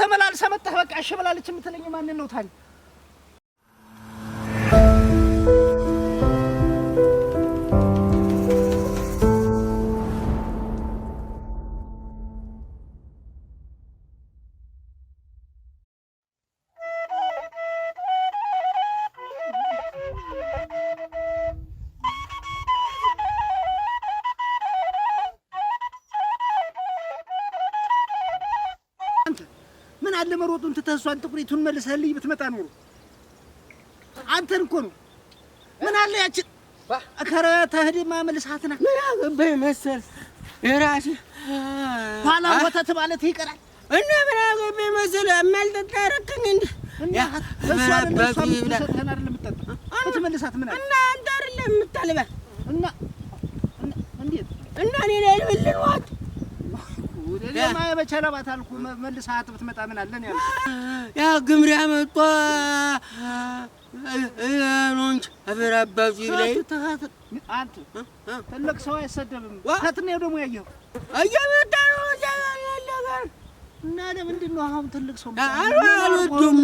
ተመላልሰህ መጣህ። በቃ እሺ ብላለች የምትለኝ ማንን ነው ታዲያ? አሁን አለመሮጡን ትተህ እሷን ጥቁሪቱን መልሰህልኝ ብትመጣ ኖሮ አንተን እኮ ነው። ምን አለ ያችን ከረ ተህድማ መልሳትና ምን አገባኝ መሰል የራሴ ኋላ ወተት ማለት ይቀራል እና ምን አገባኝ መሰል የሚያልጠጣ እንደ እና እና እንዴት እና እኔ ልብልን ዋት ለማ በቸለባት አልኩ መልሳ አጥብት መጣ ምን አለን ያልኩ ያ ግምሪያ መጥቶ ኖንች አፈር አባቱ ይብላይ ትልቅ ሰው አይሰደብም። ከትን ደግሞ ያየው እየመጣ ነው ነገር እና ለምንድን ነው አሁን ትልቅ ሰው አልወዱም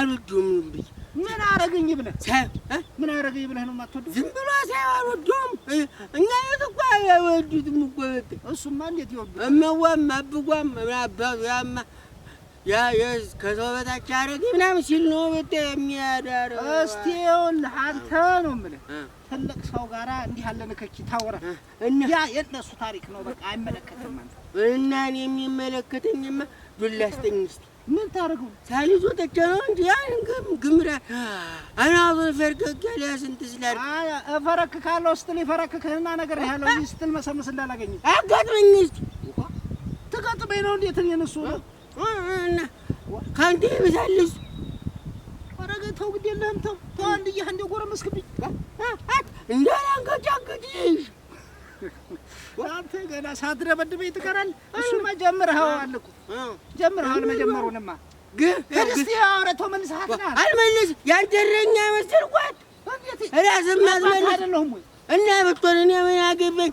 አልወዱም ብዬ ምን አረገኝ ብለህ ምን አረገኝ ብለህ ነው የማትወደው? ዝም ብሎ ሳይሆን አልወደውም። እኛ የት እኮ አይወዱትም እኮ እሱማ እንዴት ይወዱት? እመዋም አብጓም አባቱ ያማ ያ ከሰው በታች አረገኝ ምናምን ሲል ነው ወጥ የሚያዳረው። እስቲ ይኸውልህ አንተ ነው የምልህ ትልቅ ሰው ጋራ እንዲህ ያለ ንክኪ ታወራል። ያ የእነሱ ታሪክ ነው፣ በቃ አይመለከትም አንተ እና የሚመለከተኝማ ዱላ ስጠኝ እስኪ ምን ታደርገው ሳሊሱ ተጨነው እንጂ ያን ግም ግምራ አና ፈርቀቅ ያለ ስንት ስላል አያ እፈረክ ካለው ስትል ይፈረክክህና ነገር ያለው ይህ ስትል መሰምስ እንዳላገኝ አጋጥመኝ እስቲ ተጋጥመኝ ነው እንዴት የነሱ እና ካንተ ይብዛልስ አረገ ተው ግድ የለህም ተው ተው አንድ ይህ አንዴ ጎረመስክብኝ እንዳላንገጫገጭሽ አንተ ገና ሳትደበድበኝ ትቀራለህ። እሱማ ጀምረኸዋል እኮ ጀምረኸዋል። መጀመሩንማ ግን አውረቶ መልሰሀት አልመልስ ያንደረኛ መሰልኳት ራስም አትመልስ አይደለሁም ወይ እና ብትሆን እኔ ምን አገባኝ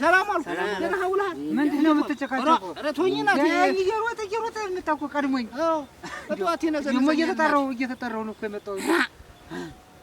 ሰላም አልኩ። ደህና ውለሃል? ምንድን ነው የምትጨቃጨቁ? ረቶኝ ናት እየሮጠ እየሮጠ የምታውቀው ቀድሞኝ። ጠዋት ይነዘ እየተጠራሁ እየተጠራሁ ነው እኮ የመጣሁት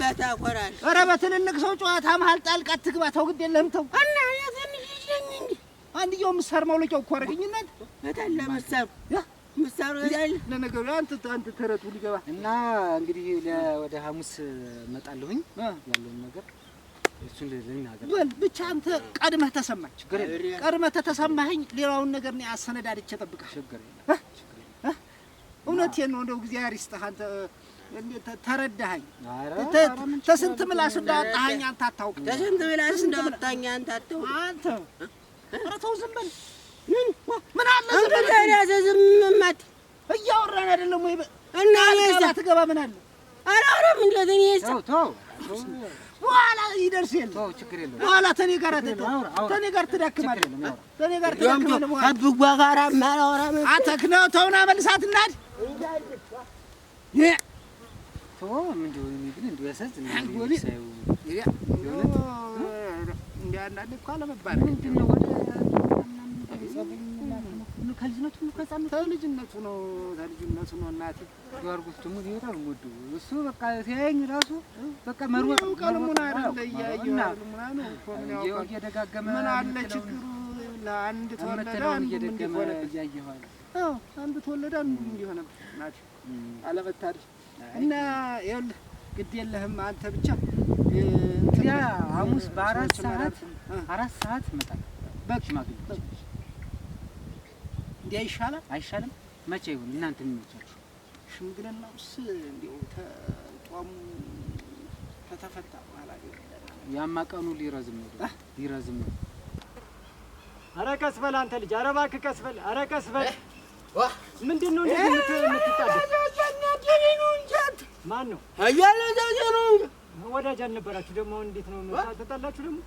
በታኮራል። ኧረ በትልልቅ ሰው ጨዋታ መሀል ጣልቃ ትግባ። ተው፣ ግድ የለህም ተው። እና ትንሽ ይለኝ እንዲ አንድየው ምሳር ማውለቂያው እኮ አደረገኝነት በታለ ምሳር ምሳር ለነገሩ አንተ አንተ ተረቱ ሊገባ እና እንግዲህ ወደ ሐሙስ እመጣለሁኝ ያለውን ነገር በል ብቻ አንተ ቀድመህ ተሰማኝ፣ ቀድመህ ተሰማኸኝ። ሌላውን ነገር እኔ አሰነዳድቼ እጠብቅሃለሁ። እውነቴን ነው። እንደው እግዚአብሔር ይስጥህ አንተ ተረዳኸኝ። ተስንት ምላስ እንዳወጣኸኝ አንተ አታውቅም። ተስንት ምላስ እንዳወጣኸኝ አንተ አታውቅም። አንተ ኧረ ተው ዝም በል። ምን ምን አለ ዝም እያወራን አይደለም ወይ? እና ትገባ ምን አለ በኋላ ይደርስ የለ በኋላ ተኔ ጋር ተኔ ጋር ተኔ ጋር ተውና መልሳት እናድ አልተዋወም ከልጅነቱ ከልጅነቱ ነው ከልጅነቱ ነው። እናቴ ጊዮርጊስ ደግሞ በጣም የምወደው እሱ በቃ ሲያየኝ ራሱ በቃ መሮጥ እየደጋገመ ምን አለ ችግሩ ለአንድ ተወለደ እየደገመ እያየኋል አንዱ ተወለደ አንዱ እንዲሆነ ናቸው አለመታደል እና ይኸውልህ ግድ የለህም አንተ ብቻ እንግዲያ ሐሙስ በአራት ሰዓት አራት ሰዓት እመጣለሁ። እንዲያ ይሻላል አይሻልም? መቼ ይሁን እናንተ የሚመቻችሁ ሽምግልና እንዲሁ በኋላ ሊረዝም ነው ሊረዝም ነው። ቀስ በል አንተ ልጅ፣ ኧረ እባክህ ቀስ በል፣ ኧረ ቀስ በል። ምንድን ነው እንደዚህ ማን ነው እያለ እዛ ነው ወዳጅ አልነበራችሁ ደግሞ እንዴት ነው ተጣላችሁ? ደግሞ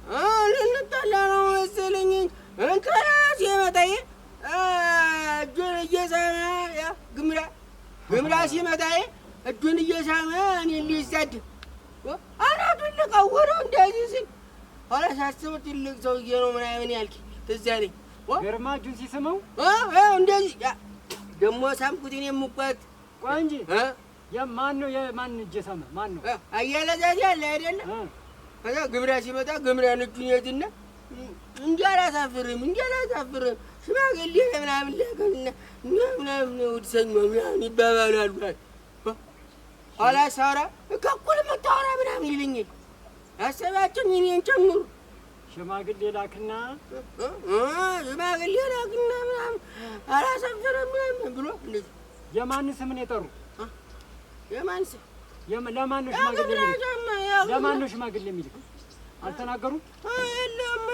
ልንጣላ ነው መሰለኝ። ከራሴ መጣዬ እጁን እየሳመ ግምራ ግምራ ሲመጣዬ እጁን እየሳመ እኔ ሊሰድ አናቱን ልቀውረው እንደዚህ ሲል ኋላ ሳስበው ትልቅ ሰውዬ ነው ምናምን ያልክ ትዝ አለኝ። ገርማ እጁን ሲስመው እንደዚህ ደግሞ ሳምኩት እኔ የምኳት ቆንጂ የማን ነው የማን እጅ ሰማ ማን ነው አያለ ዛሬ አለ አይደለ? ከዛ ግብራ ሲመጣ ግብራ ልጁን የትና እንጂ አላሳፍርም እንጂ አላሳፍርም ሽማግሌ ምናምን ላከልና ምናምን እሑድ ሰኞ ምናምን ይባባላሉ። ኋላ ሳራ ከኩል መታወራ ምናምን ይለኛል። አሰባችን እኔን ጨምሩ ሽማግሌ ላክና ሽማግሌ ላክና ምናምን አላሳፍርም ምናምን ብሎ የማን ስምን የጠሩ የማን ሲ ለማን ነው ሽማግሌ የሚልክ? ለማን ነው ሽማግሌ የሚልክ? አልተናገሩም። የለም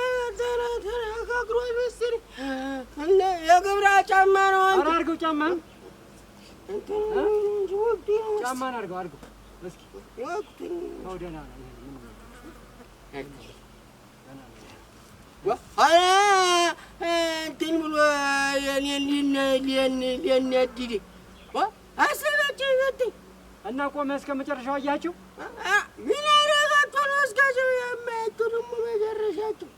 ተነጋግሮ ይመስል የግብራ ጫማ ነው። ኧረ አድርገው ጫማህን ጫማህን አድርገው አድርገው እስኪ ተው፣ ደህና ነው እንትን ብሎ የኔን ሊያናድድ አሰበችኝ መተኝ እና ቆመ እስከ መጨረሻው አያችሁ። ምን ነው እስከ ያረጋቶሎ እስከዚህ የማያቱንም መጨረሻቸው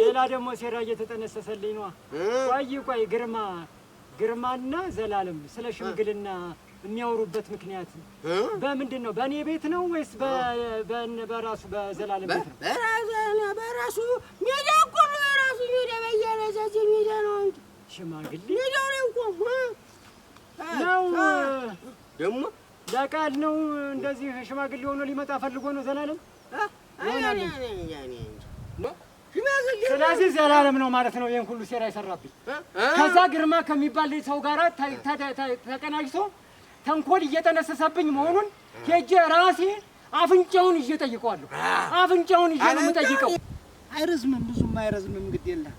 ሌላ ደግሞ ሴራ እየተጠነሰሰልኝ ነዋ። ቆይ ቆይ፣ ግርማ ግርማና ዘላለም ስለ ሽምግልና የሚያወሩበት ምክንያት በምንድን ነው? በእኔ ቤት ነው ወይስ በራሱ በዘላለም ቤት ነው? በራሱ ሜዳ እኮ ነው። የራሱ ሜዳ በያለዛዚ ሜዳ ነው እንጂ ሽማግሌ ሜዳ ነው እኮ ነው ደግሞ ለቃል ነው እንደዚህ ሽማግሌ ሆኖ ሊመጣ ፈልጎ ነው ዘላለም። ስለዚህ ዘላለም ነው ማለት ነው ይህን ሁሉ ሴራ የሰራብኝ። ከዛ ግርማ ከሚባል ሰው ጋር ተቀናጅቶ ተንኮል እየጠነሰሰብኝ መሆኑን ሄጄ ራሴ አፍንጫውን ይዤ ጠይቀዋለሁ። አፍንጫውን ይዤ ነው የምጠይቀው። አይረዝምም፣ ብዙም አይረዝምም። ግድ የለም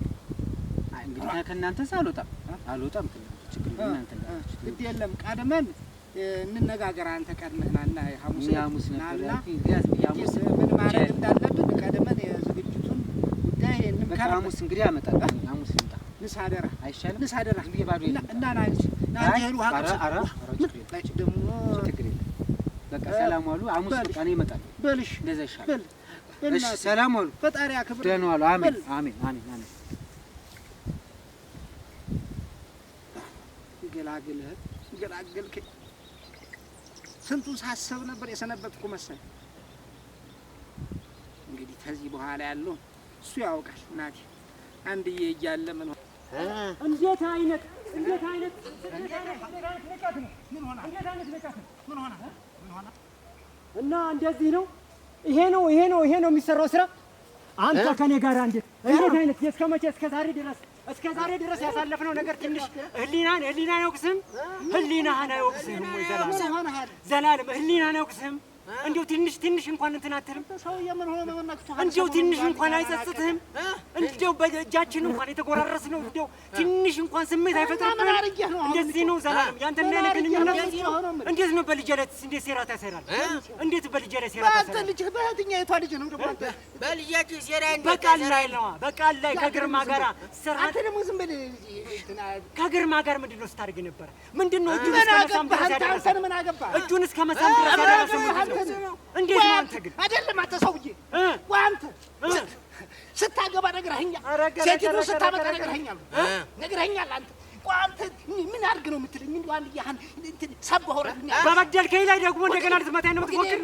እንግዲህ ከእናንተስ አልወጣም፣ አልወጣም ግድ የለም ቀድመን እንነጋገር። አንተ ቀድመህ ናና ሐሙስ ምን ማድረግ እንዳለብን ቀድመን የዝግጅቱን ጉዳይ እንምከር። ሐሙስ እንግዲህ ያመጣል። ሐሙስ ይምጣ። ንሳደራ አይሻልም? ንሳደራ እና ናንቺ ናንቺ ውሃ ቅርስ ደግሞ ችግር የለም። በቃ ሰላም ዋሉ። ሐሙስ ቀን ይመጣል። በልሽ እንደዛ ይሻላል። እሺ ሰላም ዋሉ። ፈጣሪ ያክብር። ደህና ዋሉ። አሜን አሜን አሜን። ገላግለህ ገላገልከኝ። ስንቱን ሳሰብ ነበር የሰነበትኩ መሰል። እንግዲህ ከዚህ በኋላ ያለው እሱ ያውቃል። እናቴ አንድዬ እያለ ምን እንዴት አይነት እንዴት አይነት እንዴት አይነት ምን ምን ምን ሆነ? ሆነ? ሆነ? እና እንደዚህ ነው። ይሄ ነው ይሄ ነው ይሄ ነው የሚሰራው ስራ። አንተ ከኔ ጋር እንዴት እንዴት አይነት እስከ መቼ እስከ ዛሬ ድረስ እስከ ዛሬ ድረስ ያሳለፍነው ነገር ትንሽ ህሊናን ህሊናን አይወቅስም። ህሊናህን አይወቅስም። ዘላለም ህሊናን አይወቅስም። እንዲሁ ትንሽ ትንሽ እንኳን እንትን አትልም? እንዲሁ ትንሽ እንኳን አይጸጽትህም? እንዲሁ በእጃችን እንኳን የተጎራረስ ነው እንዲሁ ትንሽ እንኳን ስሜት አይፈጥርም? እንደዚህ ነው ዘላለም ያንተና ያለ ግንኙነት። እንዴት ነው በልጄ ላይ እንዴት ሴራ ታሰራለህ? እንዴት በልጄ ላይ ሴራ ታሰራለህ? በየትኛይቷ ልጅ ነው ደግሞ በልጃችን ሴራ? በቃል ላይ ነዋ፣ በቃል ላይ ከግርማ ጋር ስራ ከግርማ ጋር ምንድን ነው ስታደርግ ነበር? ምንድን ነው እጁን እስከ መሳም ድረስ ያደረሰው ምንድን ነው? እንዴት ግን አይደለም፣ አንተ ሰውዬ ወይ ስታገባ ነግረኸኛል፣ ሴቲቱ ስታመጣ ነግረኸኛል ነግረኸኛል አንተ ቆይ አንተ ምን አድርግ ነው የምትለኝ? እንደው አንድዬ እንትን ሰብኸው በበደልከኝ ላይ ደግሞ እንደገና ልትመታኝ ነው የምትሞክር?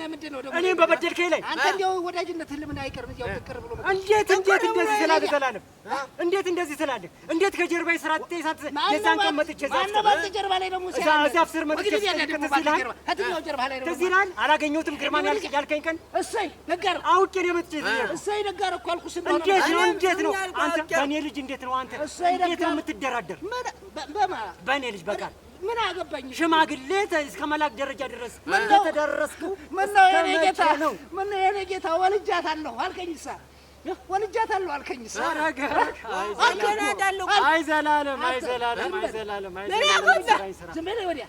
እኔም በበደልከኝ ላይ አንተ እንደው ወዳጅነትህን ለምን አይቀርም? እዚያው ትቅር ብሎ እንዴት እንዴት እንደዚህ ትላለህ ዘላለም? እንዴት እንደዚህ ትላለህ? እንዴት ከጀርባዬ ስራ ትተህ የዛን ቀን መጥቼ ዛፍ ስር መጥቼ ትዝ ይልሃል? አላገኘሁትም ግርማን ያልከኝ ቀን እሰይ ነገር አውቄ ነው መጥቼ እሰይ ነገር እኮ አልኩህ። እንዴት ነው እንዴት ነው አንተ በእኔ ልጅ እንዴት ነው አንተ እንዴት ነው የምትደራደር? በማ በእኔ ልጅ በቃል ምን አገባኝ? ሽማግሌ እስከ መላክ ደረጃ ድረስ ተደረስኩ። ምነው የእኔ ጌታ ነው? ምነው የእኔ ጌታ ወልጃታለሁ አልከኝሳ ወልጃታለሁ አልከኝሳ። አይ ዘላለም፣ አይ ዘላለም፣ አይ ዘላለም፣ አይ ዘላለም። ዝም በለው ወዲያ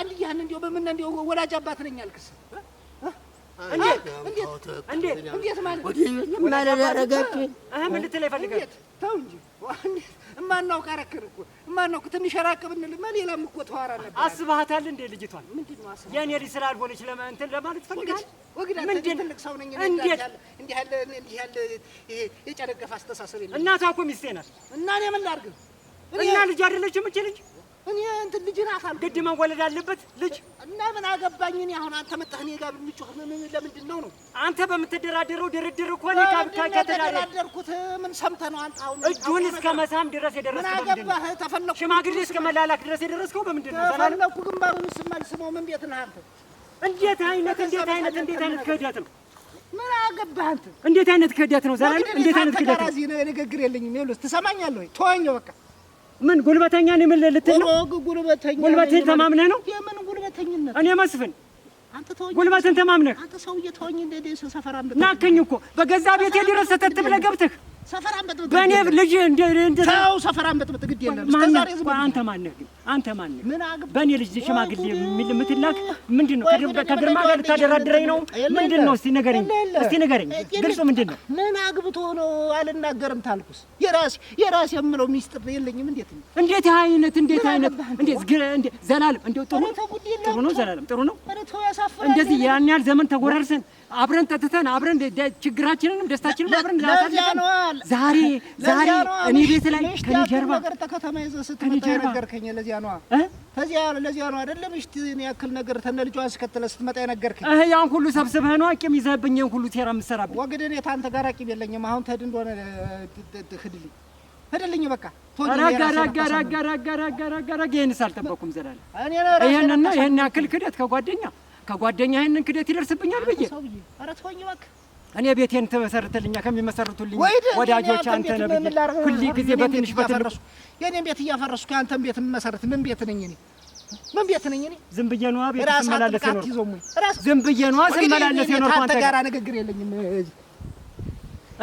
አንድያን እንዲያው በምነው እንዲያው ወላጅ አባት ነኝ አልክስ። እንዴት እንዴት እንዴት ማለት ምን ልትለኝ ፈልገህ ተው እንጂ እማናውቅ አረክን እኮ እማናውቅ ትንሽ ራቅ ብንልማ ሌላም እኮ ተዋራ ነበር። አስባታል እንዴ ልጅቷን? ምንድን ነው አስበህ? የእኔ ልጅ ስላልሆነች ለማንተን ለማለት ፈልጋል። ወግዳ ትልቅ ሰው ነኝ እንዴት እንዲህ ያለ እንዲህ ያለ ይሄ የጨረገፈ አስተሳሰብ የለም። እናቷ እኮ ሚስቴ ናት። እና እኔ ምን ላድርግ? እና ልጅ አይደለችም እቺ ልጅ እኔ እንትን ልጅን አካል ግድ መወለድ አለበት ልጅ እና ምን አገባኝ እኔ አሁን አንተ መጣህ እኔ ጋር ብንጮህ ለምንድን ነው ነው አንተ በምትደራደረው ድርድር እኮ እኔ ጋር ብታይ ከተደራደርኩት ምን ሰምተህ ነው አንተ አሁን እጁን እስከ መሳም ድረስ የደረስከው ምን አገባህ ተፈለኩ ሽማግሌ እስከ መላላክ ድረስ የደረስከው በምንድን ነው ተፈለኩ ግንባሩን ስማል ምን ቤት ነህ አንተ እንዴት አይነት እንዴት አይነት እንዴት አይነት ክህደት ነው ምን አገባህ አንተ እንዴት አይነት ክህደት ነው ዛሬ እንዴት አይነት ክህደት ነው ንግግር የለኝም ይኸውልህ ትሰማኛለህ ወይ ተወኝ በቃ ምን ጉልበተኛ ነው? ምን ልትል ነው? ጉልበተኛ ጉልበትህን ተማምነህ ነው? የምን ጉልበተኝነት? እኔ መስፍን ጉልበትን ተማምነህ አንተ ሰውዬ ተወኝ። እንደ ሰፈራ ናከኝ እኮ በገዛ ቤቴ ድረስ ሰተት ብለህ ገብተህ በእኔ ልጅ ተው፣ ሰፈር አንበጥብጥ ግድ የለም። አንተ ማነህ ግን? አንተ በእኔ ልጅ ሽማግሌ የምትላክ ምንድን ነው? ከግርማ ጋር ልታደራድረኝ ነው? ምንድን ነው? እስቲ ንገረኝ፣ እስቲ ንገረኝ። ግልጹ ምንድን ነው? ምን አግብቶ ነው አልናገርም ታልኩስ? የራሴ የራሴ የምለው ሚስጥር የለኝም። እንዴት ነው? እንዴት አይነት እንዴት አይነት እንዴት ዘላለም እንደው ጥሩ ጥሩ ነው። ዘላለም ጥሩ ነው። እንደዚህ ያን ያህል ዘመን ተጎራርሰን አብረን ጠጥተን አብረን ችግራችንንም ደስታችንን አብረን ላሳልፈን ዛሬ ዛሬ እኔ ቤት ላይ ከኔ ጀርባ ነገር ተከተማ ይዘህ ስትመጣ የነገርከኝ ለዚያ ነዋ። ተዚያ ለዚያ ነው አይደለም። እሺ እኔ ያክል ነገር ተነ ልጇ አስከተለ ስትመጣ የነገርከኝ እህ ያን ሁሉ ሰብስበህ ነው አቂም ይዘህብኝ ይሄን ሁሉ ሴራ የምትሰራብኝ። ወግድ እኔ ታንተ ጋር አቂም የለኝም። አሁን ተድ እንደሆነ ህድልኝ ህድልኝ በቃ ቶጋጋጋጋጋጋጋጋጋጋ ይህንስ አልጠበኩም። ዘላለ ይህንና ይህን ያክል ክደት ከጓደኛ ከጓደኛ ይህንን ክደት ይደርስብኛል ብዬ ኧረ ተወኝ እባክህ እኔ ቤቴን ትመሰርትልኛ ከሚመሰርቱልኝ ወዳጆች አንተ ነህ ብዬ ሁል ጊዜ በትንሽ በትንሽ የኔን ቤት እያፈረስኩ ያንተን ቤት የምመሰርት ምን ቤት ነኝ እኔ? ምን ቤት ነኝ እኔ? ዝም ብዬ ነዋ ቤት ስመላለስ ነው። ዝም ብዬ ነዋ ስመላለስ ነው። አንተ ጋራ ንግግር የለኝም።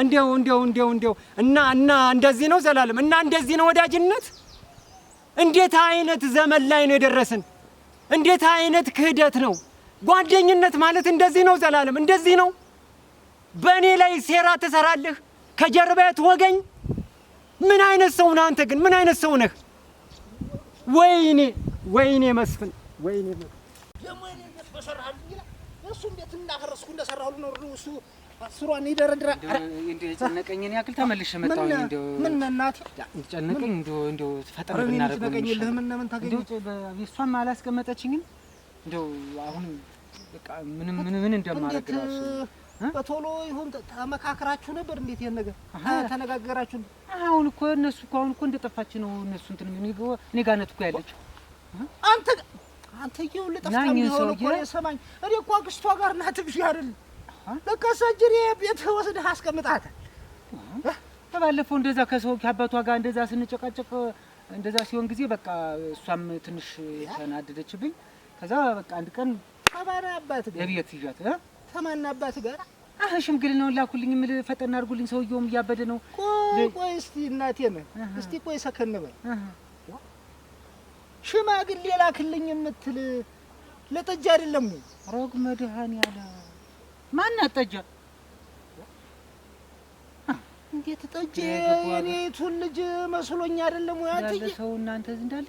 እንዴው እንዴው እንዴው እንዴው እና እና እንደዚህ ነው ዘላለም እና እንደዚህ ነው ወዳጅነት። እንዴት አይነት ዘመን ላይ ነው የደረስን? እንዴት አይነት ክህደት ነው ጓደኝነት ማለት? እንደዚህ ነው ዘላለም፣ እንደዚህ ነው በእኔ ላይ ሴራ ትሰራለህ፣ ከጀርባ ትወገኝ። ምን አይነት ሰው ነህ አንተ ግን? ምን አይነት ሰው ነህ? ወይኔ ወይኔ መስፍን ወይኔ እሱም ቤት እንዳፈረስኩ እንደሰራሁ ልኖር ነው። እሱ ስሯን ይደረድራል። እንደው የጨነቀኝን ያክል ተመልሼ መጣሁ። እንዴ ምን እናቴ ጨነቀኝ። እንዴ እንደው እንደው ፈጠር ጨነቀኝ። ይሻላል። ምን ምን ታገኘው? እሷም አላስቀመጠችኝም። እንደው አሁን በቃ ምንም ምን ምን እንደማደርግ እራሱ በቶሎ ይሁን ተመካከራችሁ ነበር? እንዴት ይሄን ነገር ተነጋገራችሁ? አሁን እኮ እነሱ እኮ አሁን እኮ እንደጠፋች ነው እነሱ እንትን ነው ይገው እኔ ጋር ናት እኮ ያለችው። አንተ አንተ ይሁን ለጠፋች ነው እኮ የሰማኝ። እኔ እኮ አክስቷ ጋር ናት ብዬ አይደል? ለከሰጅሪ ቤት ወስደህ አስቀምጣት። ተባለፈው እንደዛ ከሰው ከአባቷ ጋር እንደዛ ስንጨቃጨቅ እንደዛ ሲሆን ጊዜ በቃ እሷም ትንሽ ተናደደችብኝ። ከዛ በቃ አንድ ቀን አባራ አባት ለቤት ይዣት ከማን አባት ጋር አህ ሽምግልናውን ላኩልኝ የምል ፈጠን አድርጉልኝ። ሰውየውም እያበደ ነው። ቆይ ቆይ እስቲ እናቴ ነህ እስቲ ቆይ ሰከን በል። ሽማግሌ ላክልኝ የምትል ለጠጅ አይደለም ወይ? ሮግ ያለ ማን አጠጃ? እንዴት ጠጅ የኔቱን ልጅ መስሎኝ አይደለም ወይ? አንተ ሰው እናንተ እንዳለ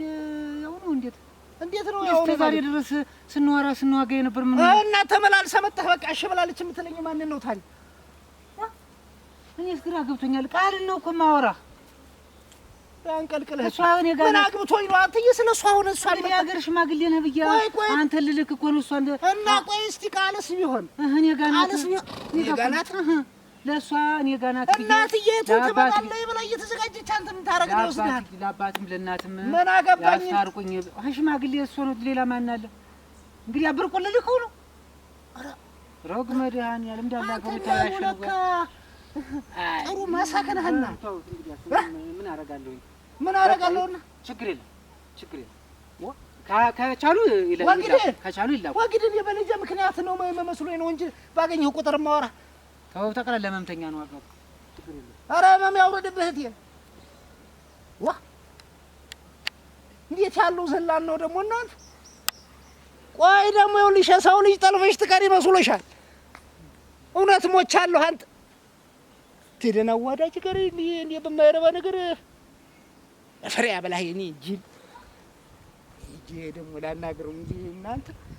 ያው ነው እንዴት እንዴት ነው ያው ዛሬ ድረስ ስንዋራ ስንዋጋ የነበር ምን እና ተመላልሰህ መጣህ። በቃ እሺ ብላለች የምትለኝ ማን ነው ታዲያ? እኔስ ግራ ገብቶኛል። ቃል ነው እኮ የማወራህ አንቀልቅለህ። እሷ እኔ ጋር ምን አግብቶኝ ነው አንተዬ? ስለ እሷ አሁን እሷ እኔ ያገር ሽማግሌ ነህ ብያ አንተ ልልክ እኮ ነው እሷ እንደ እና ቆይ እስቲ ቃልስ ቢሆን እኔ ጋር ነው ቃልስ ቢሆን እኔ ጋር ነው ለእሷ እኔ ጋር ናት። እናትዬ ትመጣለች ብላ እየተዘጋጀች አንተ ምን ታደርግልህ? ወስደሃል። ለአባትም ለእናትም ምን አገባኝ አርቁኝ። ሽማግሌ እሱ ነው፣ ሌላ ማን አለ? እንግዲህ አብርቁልህ ልከው ነው ረግ መድኃኒዓለም እንዳላገሩታለካ ጥሩ ማሳከናህና ምን አረጋለሁኝ? ምን አረጋለሁና ችግር የለም ችግር የለም ከቻሉ ይላል ከቻሉ ይላል ወግድን የበለጀ ምክንያት ነው መስሎኝ ነው እንጂ ባገኘው ቁጥር ማወራ ተወው ተቀለለ ለመምተኛ ነው አጋቡ። አረ ህመም ያውርድብህ እህቴ። ዋ እንዴት ያሉ ዘላን ነው ደግሞ እናንተ። ቆይ ደግሞ ይኸውልሽ የሰው ልጅ ጠልፈሽ ትቀሪ መስሎሻል? እውነት ሞቻለሁ። አንተ ትደና ዋዳጅ ቀሪ እንዴ በማይረባ ነገር ፍሬ አበላህ እኔ ጅል ሂጅ ደግሞ ላናግረው እንጂ እናንተ